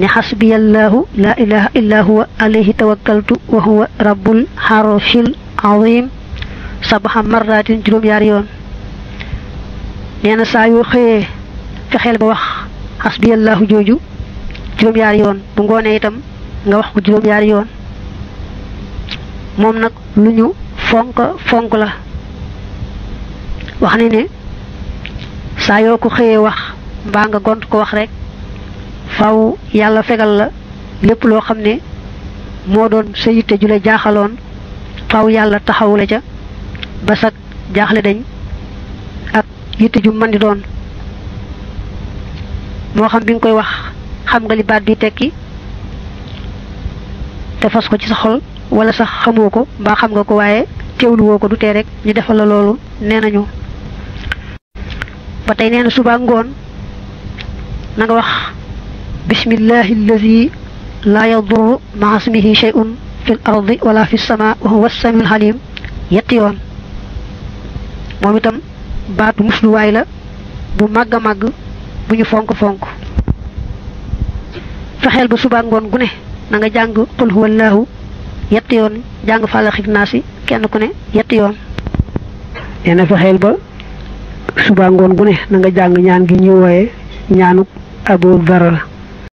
ni hasbiyallahu la ilaha illa huwa alayhi tawakkaltu wa huwa rabbul harshil azim sabaha marratin juróom yaari yoon neena saa yoo xëyee fexeel ba wax hasbiyallahu jooju juróom yaari yoon bu ngoonee itam nga wax ko juróom yaari yoon moom nag lu ñu fonk fonk la wax ne ne saa yoo ko xëyee wax mbaa nga gont ko wax rek faw yàlla fegal la lépp loo xam ne moo doon sa yitte ju la jaaxaloon faw yàlla taxawu la ca ba sag jaaxle dañ ak yitte ju mën di doon moo xam bi nga koy wax xam nga li baat bi tekki te fas ko ci sa xol wala sax xamoo ko mbaa xam nga ko waaye teewlu ko du tee rek ñu defal la loolu nee nañu ba tey nee na ngoon na wax bismillahi allazi laa yadurru maa ismihi shay'un ardi wala fis samaa wa huwa as-samiul yoon moom itam baatu musluwaay la bu màgg a màgg bu ñu fonk fonk fexeel ba subaa ngoon gune nanga jàng qul huwallaahu yetti yoon jàng faalaxi naasi kenn ku ne yetti yoon nee na fexeel ba subaa ngoon gu ne na nga jàng ñaan gi ñu wooye ñaanuk Abu Dharr